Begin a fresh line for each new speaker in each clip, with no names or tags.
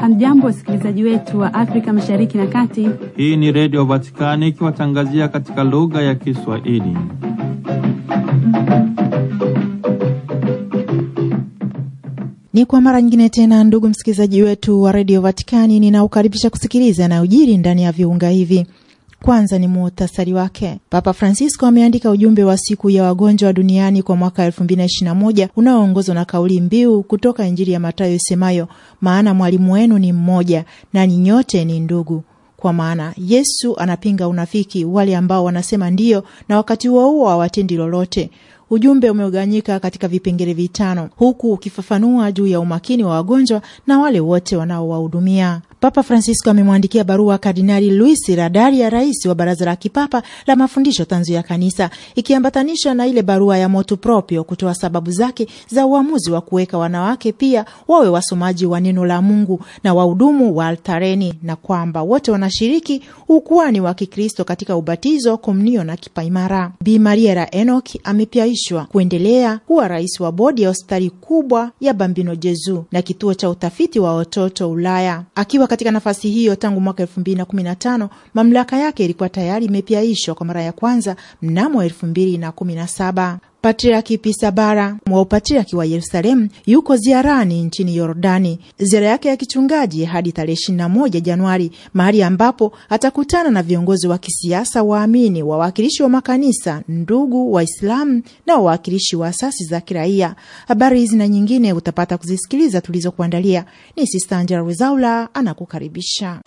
Hamjambo, wasikilizaji wetu wa Afrika Mashariki na Kati.
Hii ni Redio Vatikani ikiwatangazia katika lugha ya Kiswahili.
Ni kwa mara nyingine tena, ndugu msikilizaji wetu wa Redio Vatikani, ninaukaribisha kusikiliza na ujiri ndani ya viunga hivi kwanza ni muhtasari wake. Papa Francisco ameandika ujumbe wa siku ya wagonjwa duniani kwa mwaka 2021 unaoongozwa na kauli mbiu kutoka Injili ya Mathayo isemayo, maana mwalimu wenu ni mmoja nanyi nyote ni ndugu. Kwa maana Yesu anapinga unafiki, wale ambao wanasema ndiyo na wakati huo huo hawatendi lolote. Ujumbe umeuganyika katika vipengele vitano, huku ukifafanua juu ya umakini wa wagonjwa na wale wote wanaowahudumia. Papa Francisco amemwandikia barua Kardinali Luis ya rais wa Baraza la Kipapa la Mafundisho Tanzu ya Kanisa, ikiambatanisha na ile barua ya motu proprio kutoa sababu zake za uamuzi wa kuweka wanawake pia wawe wasomaji wa neno la Mungu na wahudumu wa altareni, na kwamba wote wanashiriki ukuani wa Kikristo katika ubatizo, komunio na kipaimara. Bi Ra enok amepyaishwa kuendelea kuwa rais wa bodi ya hospitali kubwa ya Bambino Jezu na kituo cha utafiti wa watoto Ulaya akiwa katika nafasi hiyo tangu mwaka elfu mbili na kumi na tano, mamlaka yake ilikuwa tayari imepiaishwa kwa mara ya kwanza mnamo elfu mbili na kumi na saba. Patriaki Pisabara wa upatriaki wa Yerusalemu yuko ziarani nchini Yordani, ziara yake ya kichungaji hadi tarehe 21 Januari, mahali ambapo atakutana na viongozi wa kisiasa, waamini, wawakilishi wa makanisa, ndugu Waislamu na wawakilishi wa asasi za kiraia. Habari hizi na nyingine utapata kuzisikiliza tulizokuandalia. Ni Sista Angela Rwezaula
anakukaribisha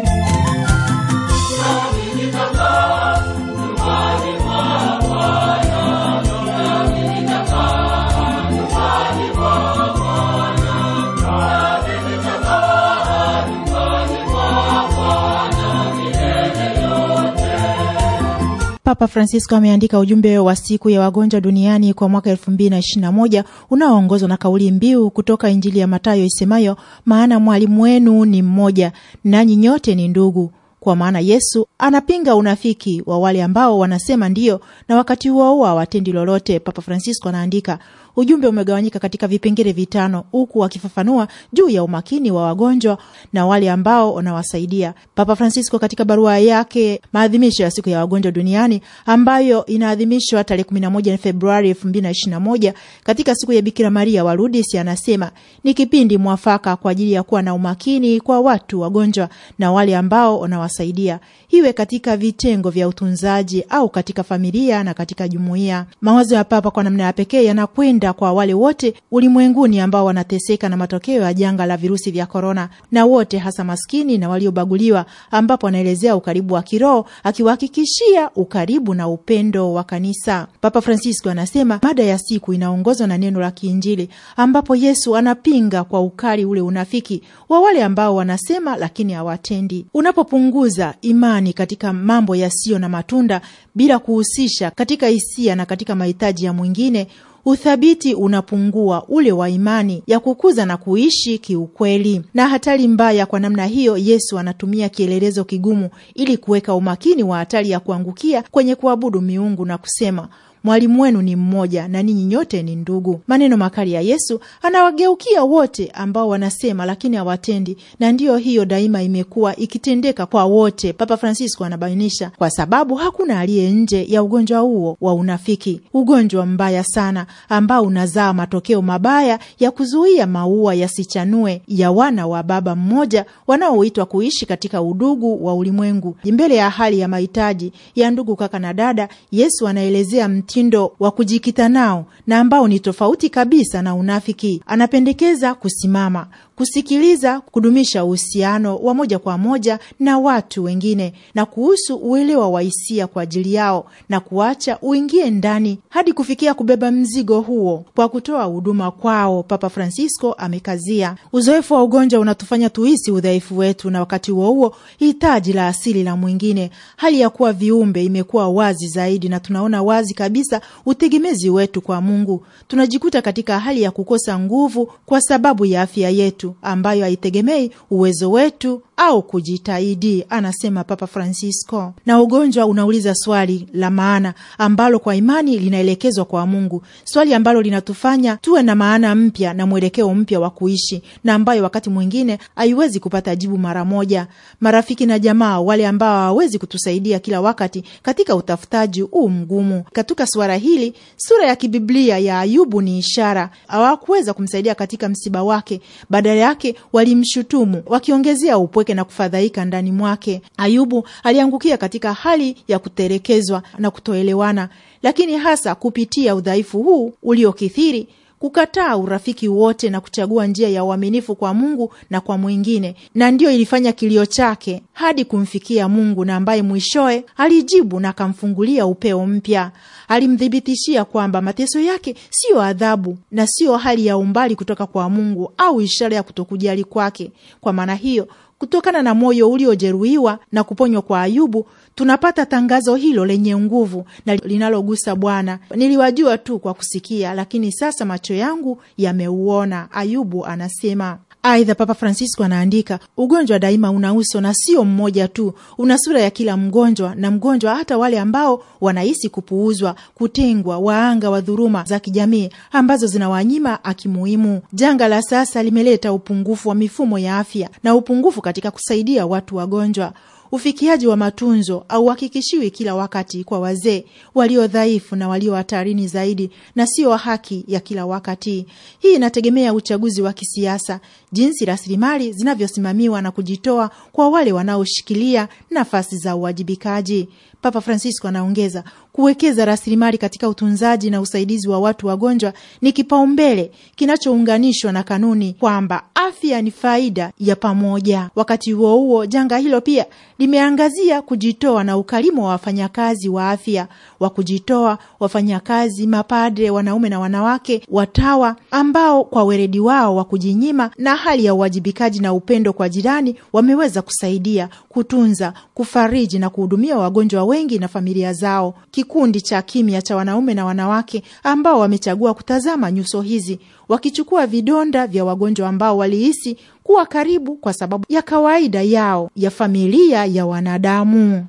Papa
Francisco ameandika ujumbe wa siku ya wagonjwa duniani kwa mwaka elfu mbili na ishirini na moja unaoongozwa na kauli mbiu kutoka Injili ya Matayo isemayo, maana mwalimu wenu ni mmoja nanyi nyote ni ndugu. Kwa maana Yesu anapinga unafiki wa wale ambao wanasema ndiyo na wakati huo huo hawatendi lolote. Papa Francisco anaandika Ujumbe umegawanyika katika vipengele vitano, huku akifafanua juu ya umakini wa wagonjwa na wale ambao wanawasaidia. Papa Francisco katika barua yake maadhimisho ya siku ya wagonjwa duniani ambayo inaadhimishwa tarehe 11 Februari 2021 katika siku ya Bikira Maria wa Lourdes, anasema ni kipindi mwafaka kwa ajili ya kuwa na umakini kwa watu wagonjwa na wale ambao wanawasaidia, iwe katika vitengo vya utunzaji au katika familia na katika jumuiya. Mawazo ya Papa kwa namna ya pekee yanakwenda kwenda kwa wale wote ulimwenguni ambao wanateseka na matokeo ya janga la virusi vya korona, na wote hasa maskini na waliobaguliwa, ambapo anaelezea ukaribu wa kiroho akiwahakikishia ukaribu na upendo wa kanisa. Papa Francisco anasema mada ya siku inaongozwa na neno la kiinjili, ambapo Yesu anapinga kwa ukali ule unafiki wa wale ambao wanasema lakini hawatendi. Unapopunguza imani katika mambo yasiyo na matunda bila kuhusisha katika hisia na katika mahitaji ya mwingine uthabiti unapungua ule wa imani ya kukuza na kuishi kiukweli. Na hatari mbaya, kwa namna hiyo Yesu anatumia kielelezo kigumu ili kuweka umakini wa hatari ya kuangukia kwenye kuabudu miungu na kusema mwalimu wenu ni mmoja na ninyi nyote ni ndugu. Maneno makali ya Yesu anawageukia wote ambao wanasema lakini hawatendi, na ndiyo hiyo daima imekuwa ikitendeka kwa wote. Papa Francisco anabainisha, kwa sababu hakuna aliye nje ya ugonjwa huo wa unafiki, ugonjwa mbaya sana ambao unazaa matokeo mabaya ya kuzuia maua yasichanue ya wana wa baba mmoja wanaoitwa kuishi katika udugu wa ulimwengu. Mbele ya hali ya mahitaji ya ndugu, kaka na dada, Yesu anaelezea mtindo wa kujikita nao na ambao ni tofauti kabisa na unafiki. Anapendekeza kusimama kusikiliza, kudumisha uhusiano wa moja kwa moja na watu wengine na kuhusu uelewa wa hisia kwa ajili yao na kuacha uingie ndani hadi kufikia kubeba mzigo huo kwa kutoa huduma kwao. Papa Francisco amekazia, uzoefu wa ugonjwa unatufanya tuhisi udhaifu wetu na wakati huo huo hitaji la asili la mwingine. Hali ya kuwa viumbe imekuwa wazi zaidi na tunaona wazi kabisa utegemezi wetu kwa Mungu. Tunajikuta katika hali ya kukosa nguvu kwa sababu ya afya yetu yetu ambayo haitegemei uwezo wetu au kujitahidi, anasema Papa Francisco. Na ugonjwa unauliza swali la maana ambalo kwa imani linaelekezwa kwa Mungu, swali ambalo linatufanya tuwe na maana mpya na mwelekeo mpya wa kuishi, na ambayo wakati mwingine haiwezi kupata jibu mara moja. Marafiki na jamaa, wale ambao hawawezi kutusaidia kila wakati katika utafutaji huu mgumu katika suala hili, sura ya kibiblia ya Ayubu ni ishara. Hawakuweza kumsaidia katika msiba wake, badala yake walimshutumu wakiongezea upweke yake na kufadhaika ndani mwake. Ayubu aliangukia katika hali ya kutelekezwa na kutoelewana, lakini hasa kupitia udhaifu huu uliokithiri kukataa urafiki wote na kuchagua njia ya uaminifu kwa Mungu na kwa mwingine, na ndiyo ilifanya kilio chake hadi kumfikia Mungu, na ambaye mwishowe alijibu na akamfungulia upeo mpya. Alimthibitishia kwamba mateso yake siyo adhabu na siyo hali ya umbali kutoka kwa Mungu au ishara ya kutokujali kwake. Kwa maana hiyo Kutokana na moyo uliojeruhiwa na kuponywa kwa Ayubu, tunapata tangazo hilo lenye nguvu na linalogusa Bwana. Niliwajua tu kwa kusikia, lakini sasa macho yangu yameuona, Ayubu anasema. Aidha, Papa Francisco anaandika, ugonjwa daima una uso na sio mmoja tu, una sura ya kila mgonjwa na mgonjwa, hata wale ambao wanahisi kupuuzwa, kutengwa, waanga wa dhuruma za kijamii ambazo zinawanyima akimuhimu. Janga la sasa limeleta upungufu wa mifumo ya afya na upungufu katika kusaidia watu wagonjwa. Ufikiaji wa matunzo hauhakikishiwi kila wakati kwa wazee walio dhaifu na walio hatarini zaidi, na sio haki ya kila wakati. Hii inategemea uchaguzi wa kisiasa, jinsi rasilimali zinavyosimamiwa na kujitoa kwa wale wanaoshikilia nafasi za uwajibikaji. Papa Francisco anaongeza kuwekeza rasilimali katika utunzaji na usaidizi wa watu wagonjwa ni kipaumbele kinachounganishwa na kanuni kwamba afya ni faida ya pamoja. Wakati huo huo, janga hilo pia limeangazia kujitoa na ukarimu wa wafanyakazi wa afya wa kujitoa, wafanyakazi, mapadre, wanaume na wanawake, watawa, ambao kwa weredi wao wa kujinyima na hali ya uwajibikaji na upendo kwa jirani wameweza kusaidia kutunza, kufariji na kuhudumia wagonjwa wengi na familia zao. Kikundi cha kimya cha wanaume na wanawake ambao wamechagua kutazama nyuso hizi, wakichukua vidonda vya wagonjwa ambao walihisi kuwa karibu kwa sababu ya kawaida yao ya familia ya wanadamu.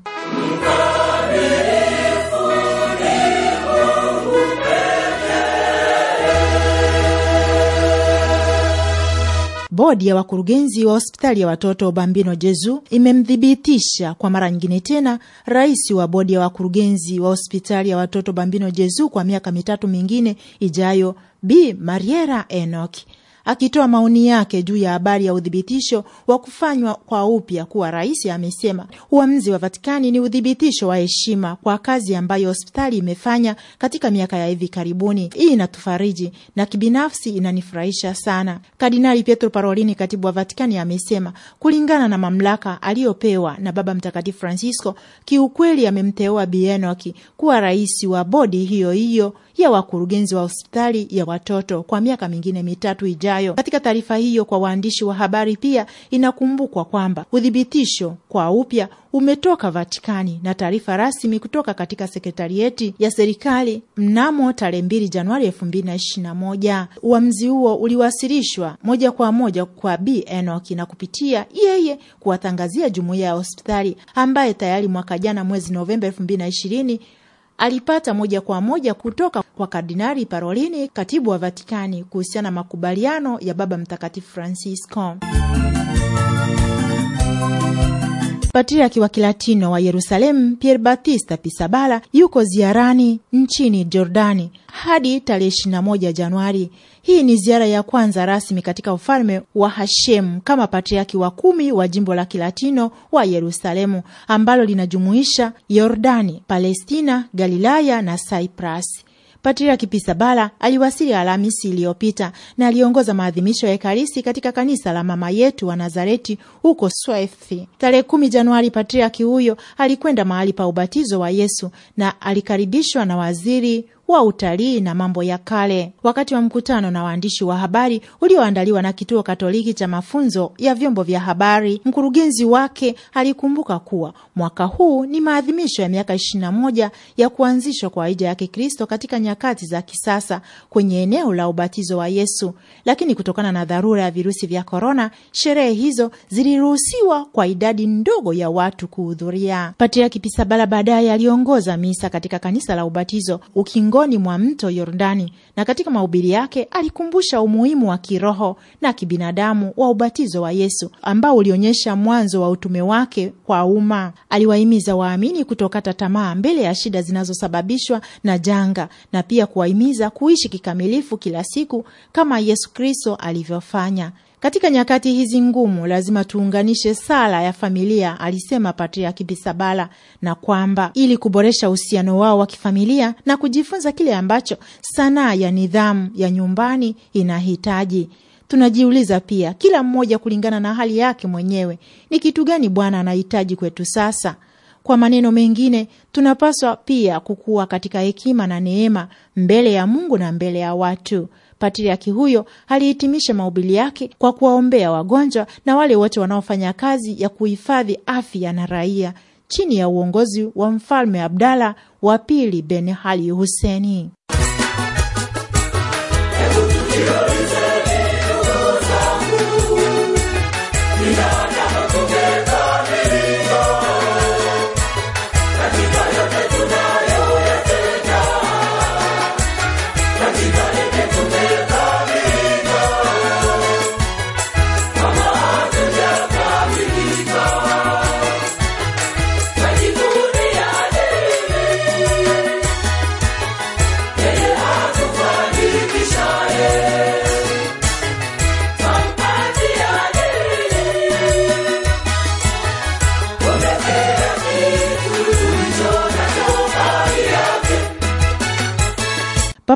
Bodi ya wakurugenzi wa hospitali ya watoto Bambino Jezu imemthibitisha kwa mara nyingine tena rais wa bodi ya wakurugenzi wa hospitali ya watoto Bambino Jezu kwa miaka mitatu mingine ijayo, Bi Mariera Enoki Akitoa maoni yake juu ya habari ya uthibitisho wa kufanywa kwa upya kuwa rais, amesema uamuzi wa Vatikani ni uthibitisho wa heshima kwa kazi ambayo hospitali imefanya katika miaka ya hivi karibuni. Hii inatufariji na kibinafsi inanifurahisha sana. Kardinali Pietro Parolini, katibu wa Vatikani, amesema kulingana na mamlaka aliyopewa na Baba Mtakatifu Francisco, kiukweli amemteua Bienoki kuwa rais wa bodi hiyo hiyo ya wakurugenzi wa hospitali ya watoto kwa miaka mingine mitatu ijayo. Katika taarifa hiyo kwa waandishi wa habari, pia inakumbukwa kwamba uthibitisho kwa upya umetoka Vatikani na taarifa rasmi kutoka katika sekretarieti ya serikali mnamo tarehe mbili Januari moja. Uamuzi huo uliwasilishwa moja kwa moja kwa b Enok na kupitia yeye kuwatangazia jumuiya ya hospitali ambaye tayari mwaka jana mwezi Novemba ishirini alipata moja kwa moja kutoka kwa Kardinali Parolini, katibu wa Vatikani, kuhusiana na makubaliano ya Baba Mtakatifu Francisco. Patriaki wa Kilatino wa Yerusalemu Pier Batista Pisabala yuko ziarani nchini Jordani hadi tarehe 21 Januari. Hii ni ziara ya kwanza rasmi katika ufalme wa Hashemu kama patriaki wa kumi wa jimbo la Kilatino wa Yerusalemu ambalo linajumuisha Yordani, Palestina, Galilaya na Cyprus. Patriaki Pisabala aliwasili Alhamisi iliyopita na aliongoza maadhimisho ya Ekaristi katika kanisa la Mama Yetu wa Nazareti huko Swethi. Tarehe kumi Januari, patriaki huyo alikwenda mahali pa ubatizo wa Yesu na alikaribishwa na waziri wa utalii na mambo ya kale, wakati wa mkutano na waandishi wa habari ulioandaliwa na Kituo Katoliki cha Mafunzo ya Vyombo vya Habari. Mkurugenzi wake alikumbuka kuwa mwaka huu ni maadhimisho ya miaka 21 ya kuanzishwa kwa hija ya Kikristo katika nyakati za kisasa kwenye eneo la ubatizo wa Yesu, lakini kutokana na dharura ya virusi vya korona, sherehe hizo ziliruhusiwa kwa idadi ndogo ya watu kuhudhuria. Patriaki Pisabala baadaye aliongoza misa katika kanisa la ubatizo ukingo ukingoni mwa mto Yordani, na katika mahubiri yake alikumbusha umuhimu wa kiroho na kibinadamu wa ubatizo wa Yesu ambao ulionyesha mwanzo wa utume wake kwa umma. Aliwahimiza waamini kutokata tamaa mbele ya shida zinazosababishwa na janga, na pia kuwahimiza kuishi kikamilifu kila siku kama Yesu Kristo alivyofanya. Katika nyakati hizi ngumu lazima tuunganishe sala ya familia, alisema Patriaki Bisabala, na kwamba ili kuboresha uhusiano wao wa kifamilia na kujifunza kile ambacho sanaa ya nidhamu ya nyumbani inahitaji. Tunajiuliza pia kila mmoja kulingana na hali yake mwenyewe, ni kitu gani Bwana anahitaji kwetu sasa? Kwa maneno mengine, tunapaswa pia kukua katika hekima na neema mbele ya Mungu na mbele ya watu. Patriaki huyo alihitimisha mahubiri yake kwa kuwaombea wagonjwa na wale wote wanaofanya kazi ya kuhifadhi afya na raia chini ya uongozi wa Mfalme Abdala wa Pili Ben Ali Huseni.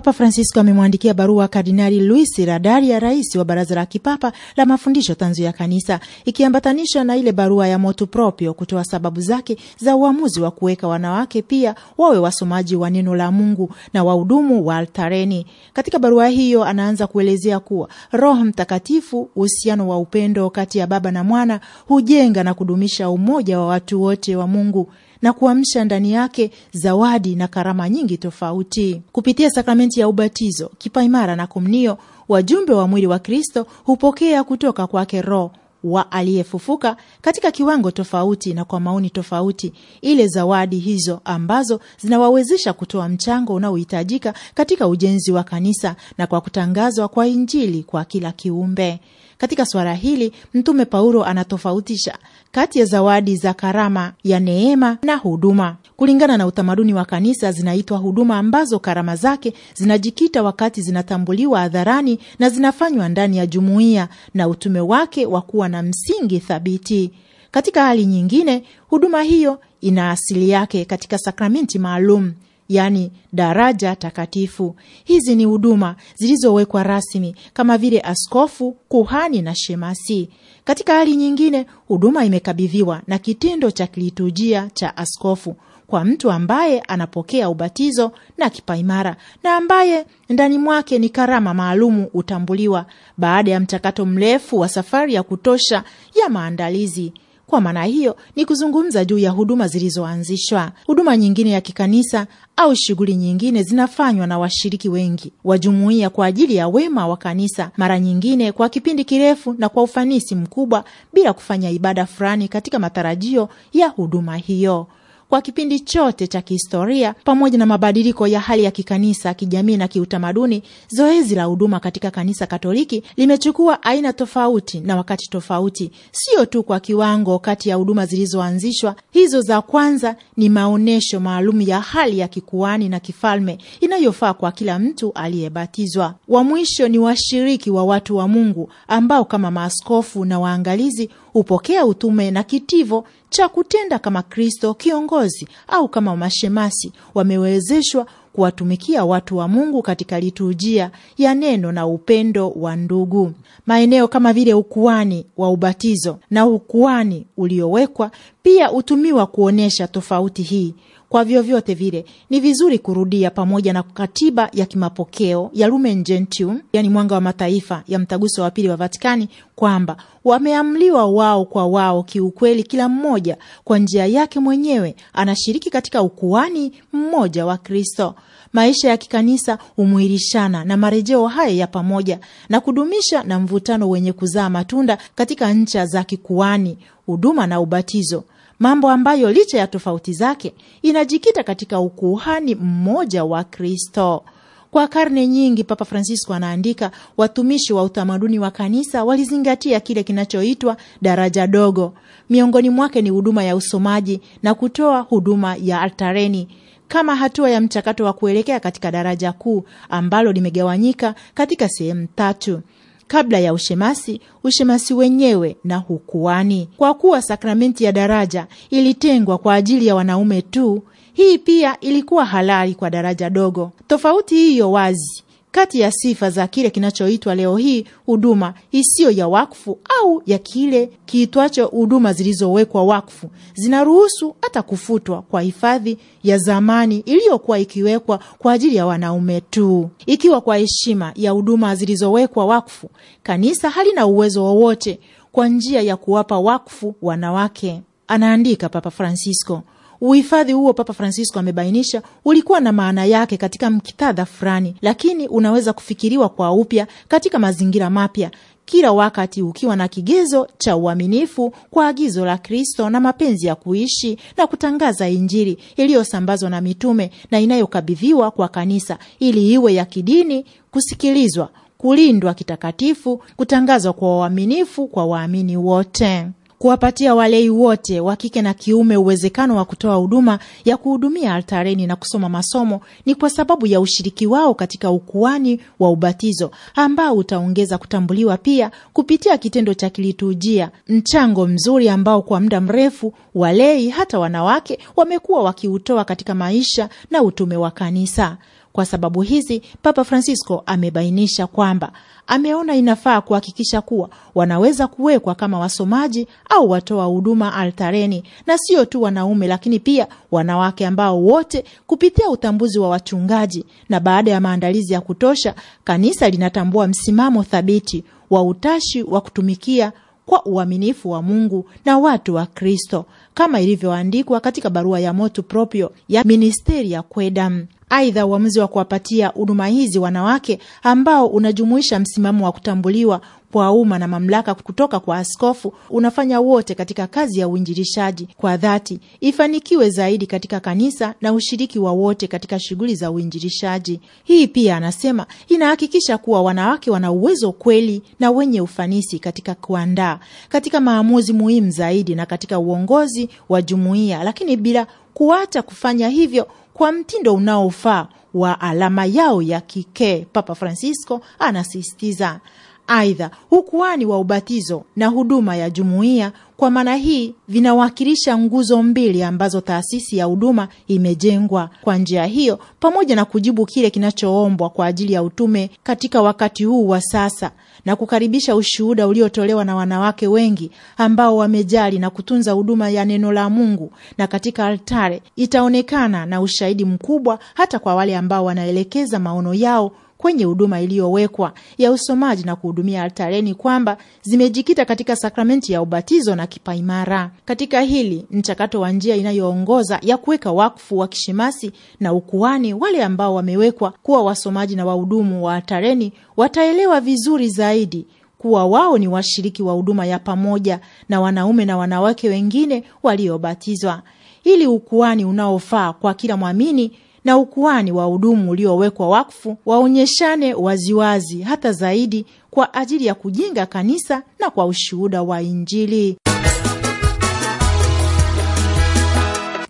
Papa Francisco amemwandikia barua Kardinali Luis Radaria, rais wa Baraza la Kipapa la Mafundisho Tanzu ya Kanisa, ikiambatanisha na ile barua ya motu proprio kutoa sababu zake za uamuzi wa kuweka wanawake pia wawe wasomaji wa neno la Mungu na wahudumu wa altareni. Katika barua hiyo anaanza kuelezea kuwa Roho Mtakatifu, uhusiano wa upendo kati ya Baba na Mwana, hujenga na kudumisha umoja wa watu wote wa Mungu na kuamsha ndani yake zawadi na karama nyingi tofauti. Kupitia sakramenti ya ubatizo, kipaimara na kumnio, wajumbe wa mwili wa Kristo hupokea kutoka kwake Roho wa aliyefufuka katika kiwango tofauti na kwa maoni tofauti ile zawadi hizo ambazo zinawawezesha kutoa mchango unaohitajika katika ujenzi wa kanisa na kwa kutangazwa kwa Injili kwa kila kiumbe. Katika suala hili Mtume Paulo anatofautisha kati ya zawadi za karama ya neema na huduma. Kulingana na utamaduni wa kanisa, zinaitwa huduma ambazo karama zake zinajikita wakati zinatambuliwa hadharani na zinafanywa ndani ya jumuiya na utume wake wa kuwa na msingi thabiti. Katika hali nyingine, huduma hiyo ina asili yake katika sakramenti maalum yaani daraja takatifu. Hizi ni huduma zilizowekwa rasmi kama vile askofu, kuhani na shemasi. Katika hali nyingine, huduma imekabidhiwa na kitindo cha kiliturujia cha askofu kwa mtu ambaye anapokea ubatizo na kipaimara na ambaye ndani mwake ni karama maalumu hutambuliwa baada ya mchakato mrefu wa safari ya kutosha ya maandalizi. Kwa maana hiyo ni kuzungumza juu ya huduma zilizoanzishwa, huduma nyingine ya kikanisa au shughuli nyingine zinafanywa na washiriki wengi wa jumuiya kwa ajili ya wema wa kanisa, mara nyingine kwa kipindi kirefu na kwa ufanisi mkubwa, bila kufanya ibada fulani katika matarajio ya huduma hiyo kwa kipindi chote cha kihistoria, pamoja na mabadiliko ya hali ya kikanisa, kijamii na kiutamaduni, zoezi la huduma katika kanisa Katoliki limechukua aina tofauti na wakati tofauti, sio tu kwa kiwango. Kati ya huduma zilizoanzishwa hizo, za kwanza ni maonyesho maalum ya hali ya kikuani na kifalme inayofaa kwa kila mtu aliyebatizwa. Wa mwisho ni washiriki wa watu wa Mungu ambao kama maaskofu na waangalizi hupokea utume na kitivo cha kutenda kama Kristo kiongozi au kama mashemasi wamewezeshwa kuwatumikia watu wa Mungu katika liturujia ya neno na upendo wa ndugu. Maeneo kama vile ukuani wa ubatizo na ukuani uliowekwa pia hutumiwa kuonyesha tofauti hii. Kwa vyovyote vile, ni vizuri kurudia pamoja na katiba ya kimapokeo ya Lumen Gentium, yani mwanga wa mataifa ya mtaguso wa pili wa Vatikani, kwamba wameamliwa wao kwa wao, kiukweli kila mmoja kwa njia yake mwenyewe anashiriki katika ukuani mmoja wa Kristo. Maisha ya kikanisa humwirishana na marejeo haya ya pamoja na kudumisha na mvutano wenye kuzaa matunda katika ncha za kikuani, huduma na ubatizo mambo ambayo licha ya tofauti zake inajikita katika ukuhani mmoja wa Kristo. Kwa karne nyingi, Papa Francisco anaandika, watumishi wa utamaduni wa kanisa walizingatia kile kinachoitwa daraja dogo. Miongoni mwake ni huduma ya usomaji na kutoa huduma ya altareni kama hatua ya mchakato wa kuelekea katika daraja kuu ambalo limegawanyika katika sehemu tatu kabla ya ushemasi, ushemasi wenyewe na hukuani. Kwa kuwa sakramenti ya daraja ilitengwa kwa ajili ya wanaume tu, hii pia ilikuwa halali kwa daraja dogo. Tofauti hiyo wazi kati ya sifa za kile kinachoitwa leo hii huduma isiyo ya wakfu au ya kile kiitwacho huduma zilizowekwa wakfu, zinaruhusu hata kufutwa kwa hifadhi ya zamani iliyokuwa ikiwekwa kwa ajili ya wanaume tu. Ikiwa kwa heshima ya huduma zilizowekwa wakfu, kanisa halina uwezo wowote kwa njia ya kuwapa wakfu wanawake, anaandika Papa Francisco. Uhifadhi huo, Papa Francisco amebainisha, ulikuwa na maana yake katika mkitadha fulani, lakini unaweza kufikiriwa kwa upya katika mazingira mapya kila wakati ukiwa na kigezo cha uaminifu kwa agizo la Kristo na mapenzi ya kuishi na kutangaza Injili iliyosambazwa na mitume na inayokabidhiwa kwa kanisa ili iwe ya kidini, kusikilizwa, kulindwa kitakatifu, kutangazwa kwa uaminifu kwa waamini wote kuwapatia walei wote wa kike na kiume uwezekano wa kutoa huduma ya kuhudumia altareni na kusoma masomo ni kwa sababu ya ushiriki wao katika ukuani wa ubatizo ambao utaongeza kutambuliwa pia kupitia kitendo cha kiliturujia, mchango mzuri ambao kwa muda mrefu walei hata wanawake wamekuwa wakiutoa katika maisha na utume wa kanisa. Kwa sababu hizi, Papa Francisco amebainisha kwamba ameona inafaa kuhakikisha kuwa wanaweza kuwekwa kama wasomaji au watoa huduma altareni, na sio tu wanaume, lakini pia wanawake ambao wote kupitia utambuzi wa wachungaji na baada ya maandalizi ya kutosha, kanisa linatambua msimamo thabiti wa utashi wa kutumikia kwa uaminifu wa Mungu na watu wa Kristo kama ilivyoandikwa katika barua ya motu proprio ya Ministeria Quaedam Aidha, uamuzi wa kuwapatia huduma hizi wanawake ambao unajumuisha msimamo wa kutambuliwa kwa umma na mamlaka kutoka kwa askofu unafanya wote katika kazi ya uinjilishaji kwa dhati ifanikiwe zaidi katika kanisa na ushiriki wa wote katika shughuli za uinjilishaji. Hii pia, anasema, inahakikisha kuwa wanawake wana uwezo kweli na wenye ufanisi katika kuandaa, katika maamuzi muhimu zaidi na katika uongozi wa jumuiya, lakini bila kuacha kufanya hivyo kwa mtindo unaofaa wa alama yao ya kikee. Papa Francisco anasisitiza Aidha, hukuani wa ubatizo na huduma ya jumuiya kwa maana hii vinawakilisha nguzo mbili ambazo taasisi ya huduma imejengwa kwa njia hiyo, pamoja na kujibu kile kinachoombwa kwa ajili ya utume katika wakati huu wa sasa na kukaribisha ushuhuda uliotolewa na wanawake wengi ambao wamejali na kutunza huduma ya neno la Mungu, na katika altare itaonekana na ushahidi mkubwa hata kwa wale ambao wanaelekeza maono yao kwenye huduma iliyowekwa ya usomaji na kuhudumia altareni kwamba zimejikita katika sakramenti ya ubatizo na kipaimara. Katika hili mchakato wa njia inayoongoza ya kuweka wakfu wa kishemasi na ukuani wale ambao wamewekwa kuwa wasomaji na wahudumu wa altareni wataelewa vizuri zaidi kuwa wao ni washiriki wa huduma ya pamoja na wanaume na wanawake wengine waliobatizwa, ili ukuani unaofaa kwa kila mwamini na ukuani wa hudumu uliowekwa wakfu waonyeshane waziwazi hata zaidi kwa ajili ya kujenga kanisa na kwa ushuhuda wa Injili.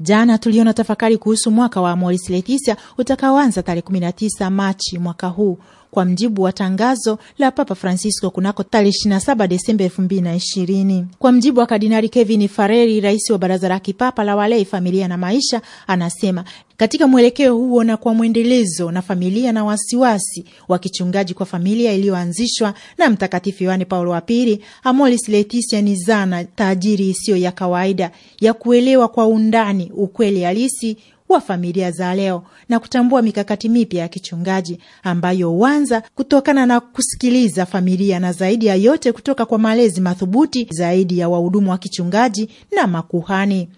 Jana tuliona tafakari kuhusu mwaka wa Amoris Laetitia utakaoanza tarehe 19 Machi mwaka huu kwa mjibu wa tangazo la Papa Francisco kunako tarehe 27 Desemba 2020. Kwa mjibu wa Kardinali Kevin Fareri, rais wa baraza la kipapa la walei, familia na maisha, anasema katika mwelekeo huo na kwa mwendelezo na familia na wasiwasi wa kichungaji kwa familia iliyoanzishwa na Mtakatifu Yohane Paulo wa Pili, Amoris Laetitia ni zana tajiri isiyo ya kawaida ya kuelewa kwa undani ukweli halisi wa familia za leo na kutambua mikakati mipya ya kichungaji ambayo huanza kutokana na kusikiliza familia na zaidi ya yote kutoka kwa malezi mathubuti zaidi ya wahudumu wa kichungaji na makuhani.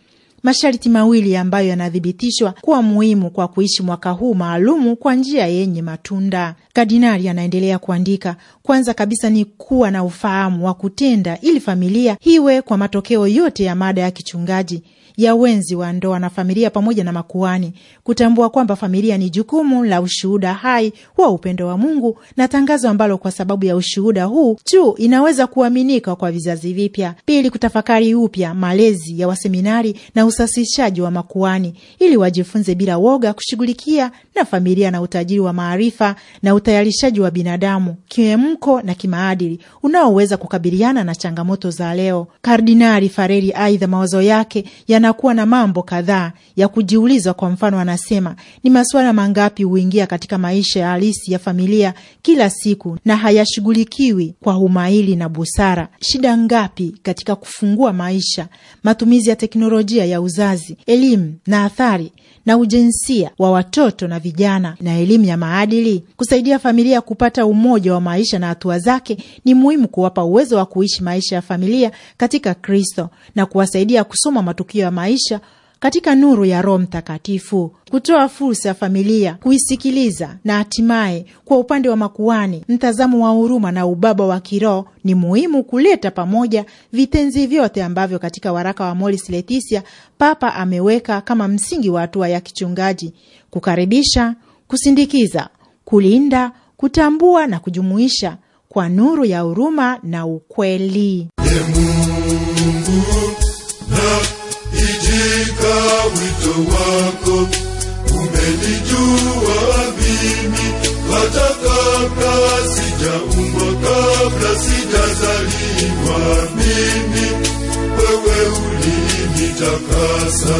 Masharti mawili ambayo yanathibitishwa kuwa muhimu kwa kuishi mwaka huu maalumu kwa njia yenye matunda. Kardinali anaendelea kuandika, kwanza kabisa ni kuwa na ufahamu wa kutenda ili familia hiwe kwa matokeo yote ya mada ya kichungaji ya wenzi wa ndoa na familia pamoja na makuani kutambua kwamba familia ni jukumu la ushuhuda hai wa upendo wa Mungu na tangazo ambalo kwa sababu ya ushuhuda huu tu inaweza kuaminika kwa vizazi vipya. Pili, kutafakari upya malezi ya waseminari na usasishaji wa makuani ili wajifunze bila woga kushughulikia na familia na utajiri wa maarifa na utayarishaji wa binadamu kiemko na kimaadili unaoweza kukabiliana na changamoto za leo. Kardinali Fareri, aidha, mawazo yake yana anakuwa na mambo kadhaa ya kujiuliza. Kwa mfano, anasema ni masuala mangapi huingia katika maisha ya halisi ya familia kila siku na hayashughulikiwi kwa umaili na busara? Shida ngapi katika kufungua maisha, matumizi ya teknolojia ya uzazi, elimu na athari na ujinsia wa watoto na vijana na elimu ya maadili. Kusaidia familia kupata umoja wa maisha na hatua zake, ni muhimu kuwapa uwezo wa kuishi maisha ya familia katika Kristo na kuwasaidia kusoma matukio ya maisha katika nuru ya Roho Mtakatifu, kutoa fursa ya familia kuisikiliza na hatimaye, kwa upande wa makuani, mtazamo wa huruma na ubaba wa kiroho ni muhimu kuleta pamoja vitenzi vyote ambavyo katika waraka wa Amoris Laetitia Papa ameweka kama msingi wa hatua ya kichungaji: kukaribisha, kusindikiza, kulinda, kutambua na kujumuisha kwa nuru ya huruma na ukweli.
Nimesikia wito wako, umenijua mimi hata kabla sijaumbwa, kabla sijazaliwa mimi, wewe ulinitakasa.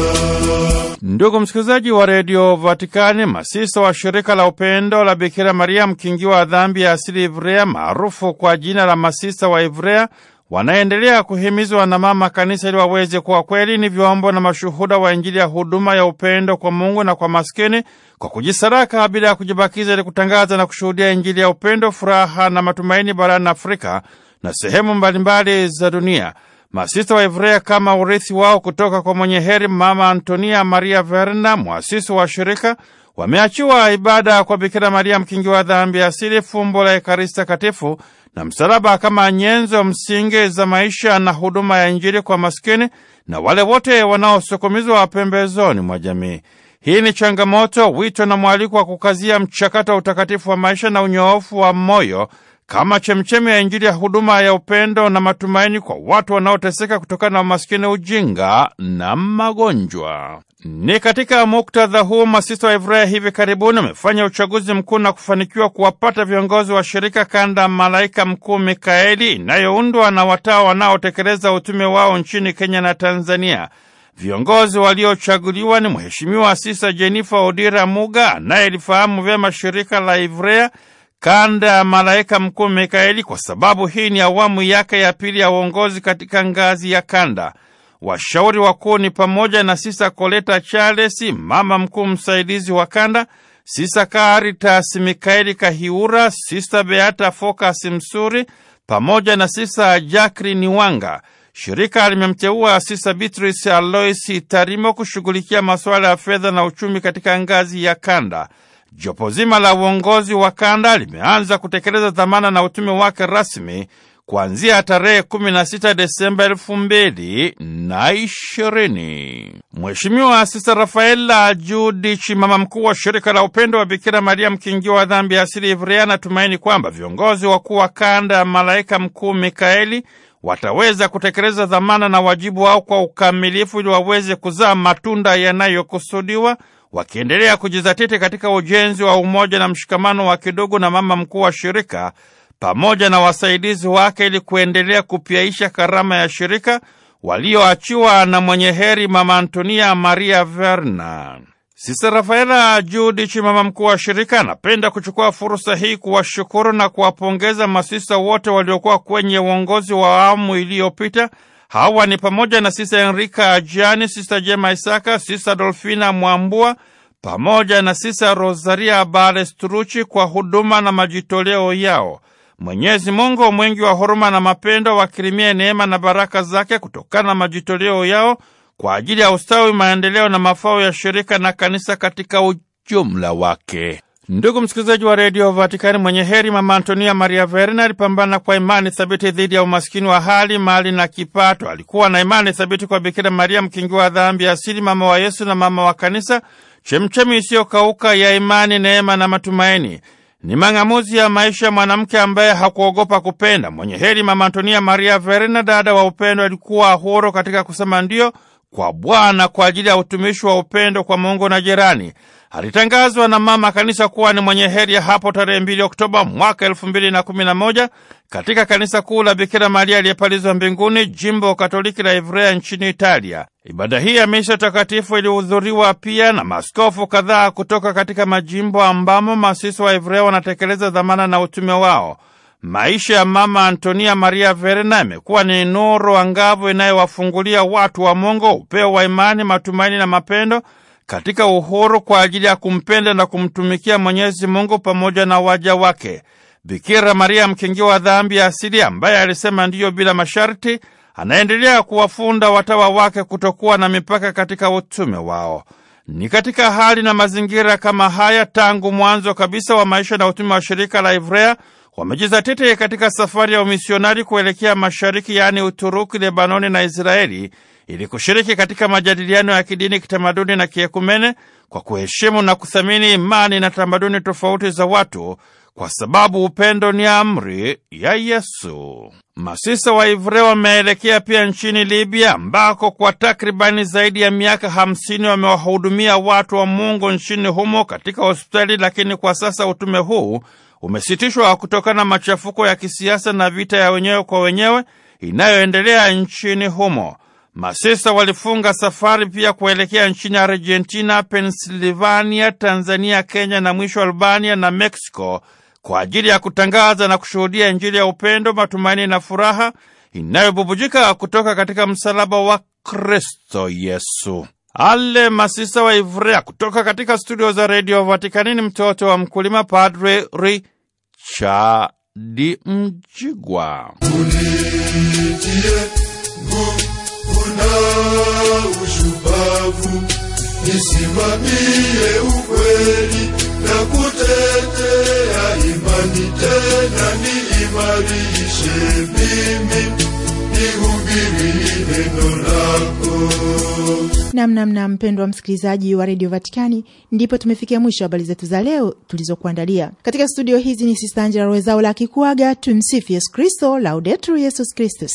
Ndugu msikilizaji wa redio Vatikani, masisa wa shirika la upendo la Bikira Maria mkingiwa wa dhambi ya asili Ivrea, maarufu kwa jina la masisa wa Ivrea wanaendelea kuhimizwa na mama kanisa ili waweze kuwa kweli ni vyombo na mashuhuda wa Injili ya huduma ya upendo kwa Mungu na kwa maskini, kwa kujisaraka bila ya kujibakiza, ili kutangaza na kushuhudia Injili ya upendo, furaha na matumaini barani Afrika na sehemu mbalimbali za dunia. Masista wa Ivrea kama urithi wao kutoka kwa mwenye heri Mama Antonia Maria Verna, mwasisi wa shirika, wameachiwa ibada kwa Bikira Maria mkingi wa dhambi asili, fumbo la Ekaristi takatifu na msalaba kama nyenzo msingi za maisha na huduma ya Injili kwa maskini na wale wote wanaosukumizwa pembezoni mwa jamii. Hii ni changamoto, wito na mwaliko wa kukazia mchakato wa utakatifu wa maisha na unyoofu wa moyo kama chemchemi ya Injili ya huduma ya upendo na matumaini kwa watu wanaoteseka kutokana na umasikini, ujinga na magonjwa. Ni katika muktadha huu masista wa Ivraya hivi karibuni wamefanya uchaguzi mkuu na kufanikiwa kuwapata viongozi wa shirika kanda Malaika Mkuu Mikaeli inayoundwa na watawa wanaotekeleza utume wao nchini Kenya na Tanzania. Viongozi waliochaguliwa ni Mheshimiwa asisa Jenifa Odira Muga anayelifahamu vyema shirika la Ivrea kanda ya malaika mkuu Mikaeli kwa sababu hii ni awamu yake ya pili ya uongozi katika ngazi ya kanda. Washauri wakuu ni pamoja na Sisa Koleta Charles, mama mkuu msaidizi wa kanda, Sisa Karitas Mikaeli Kahiura, Sista Beata Fokas Msuri pamoja na Sisa Jacqueline Wanga. Shirika limemteua Sisa Beatrice Alois Tarimo kushughulikia masuala ya fedha na uchumi katika ngazi ya kanda. Jopo zima la uongozi wa kanda limeanza kutekeleza dhamana na utume wake rasmi kuanzia tarehe 16 Desemba 2020. Mheshimiwa Sista Rafaela Judichi, mama mkuu wa shirika la upendo wa Bikira Maria mkingiwa wa dhambi ya asili Ivrea, anatumaini kwamba viongozi wakuu wa kanda ya malaika mkuu Mikaeli wataweza kutekeleza dhamana na wajibu wao kwa ukamilifu ili waweze kuzaa matunda yanayokusudiwa wakiendelea kujizatiti katika ujenzi wa umoja na mshikamano wa kidugu na mama mkuu wa shirika pamoja na wasaidizi wake ili kuendelea kupiaisha karama ya shirika walioachiwa na mwenye heri Mama Antonia Maria Verna. Sisa Rafaela Judichi, mama mkuu wa shirika, anapenda kuchukua fursa hii kuwashukuru na kuwapongeza masisa wote waliokuwa kwenye uongozi wa awamu iliyopita Hawa ni pamoja na Sista Enrika Ajani, Sista Jema Isaka, Sista Dolfina Mwambua pamoja na Sista Rosaria Balestruchi kwa huduma na majitoleo yao. Mwenyezi Mungu mwingi wa huruma na mapendo, wakirimie neema na baraka zake kutokana na majitoleo yao kwa ajili ya ustawi, maendeleo na mafao ya shirika na kanisa katika ujumla wake. Ndugu msikilizaji wa redio Vatikani, mwenye heri Mama Antonia Maria Verna alipambana kwa imani thabiti dhidi ya umaskini wa hali, mali na kipato. Alikuwa na imani thabiti kwa Bikira Maria, mkingi wa dhambi asili, mama wa Yesu na mama wa Kanisa, chemchemi isiyokauka ya imani, neema na matumaini. Ni mang'amuzi ya maisha ya mwanamke ambaye hakuogopa kupenda. Mwenye heri Mama Antonia Maria Verna, dada wa upendo, alikuwa huru katika kusema ndio kwa Bwana kwa ajili ya utumishi wa upendo kwa Mungu na jirani. Alitangazwa na Mama Kanisa kuwa ni mwenye heri hapo tarehe 2 Oktoba mwaka elfu mbili na kumi na moja katika kanisa kuu la Bikira Maria aliyepalizwa mbinguni, jimbo Katoliki la Ivrea nchini Italia. Ibada hii ya misa takatifu ilihudhuriwa pia na maskofu kadhaa kutoka katika majimbo ambamo maasisi wa Ivrea wanatekeleza dhamana na utume wao. Maisha ya Mama Antonia Maria Verena imekuwa ni nuru angavu inayowafungulia watu wa Mungu upeo wa imani, matumaini na mapendo katika uhuru kwa ajili ya kumpenda na kumtumikia Mwenyezi Mungu pamoja na waja wake. Bikira Maria, mkingi wa dhambi ya asili, ambaye alisema ndiyo bila masharti, anaendelea kuwafunda watawa wake kutokuwa na mipaka katika utume wao. Ni katika hali na mazingira kama haya, tangu mwanzo kabisa wa maisha na utume wa shirika la Ivrea wamejizatiti katika safari ya umisionari kuelekea mashariki, yaani Uturuki, Lebanoni na Israeli ili kushiriki katika majadiliano ya kidini, kitamaduni na kiekumene kwa kuheshimu na kuthamini imani na tamaduni tofauti za watu kwa sababu upendo ni amri ya Yesu. Masisa wa Ivre wameelekea pia nchini Libya ambako kwa takribani zaidi ya miaka hamsini wamewahudumia watu wa Mungu nchini humo katika hospitali, lakini kwa sasa utume huu umesitishwa kutokana na machafuko ya kisiasa na vita ya wenyewe kwa wenyewe inayoendelea nchini humo. Masista walifunga safari pia kuelekea nchini Argentina, Pennsylvania, Tanzania, Kenya na mwisho Albania na Mexico kwa ajili ya kutangaza na kushuhudia Injili ya upendo, matumaini na furaha inayobubujika kutoka katika msalaba wa Kristo Yesu. Ale masisa wa Ivrea kutoka katika studio za redio Vatikanini, mtoto wa mkulima Padre Richadi Mjigwa.
Unitie nguvu na ushupavu, nisimamie ukweli na kutetea imani, tena niimarishe mimi
Namnamna mpendwa msikilizaji wa redio Vatikani, ndipo tumefikia mwisho habari zetu za leo tulizokuandalia katika studio hizi. Ni Sista Angela Rwezao la kikuaga. Tumsifu Yesu Kristo, Laudetur Yesus Kristus.